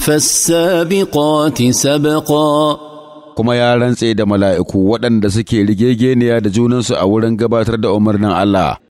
فالسابقات سبقا kuma ya rantse da mala'iku waɗanda suke rigegeniya da junansu a wurin gabatar da umarnin Allah.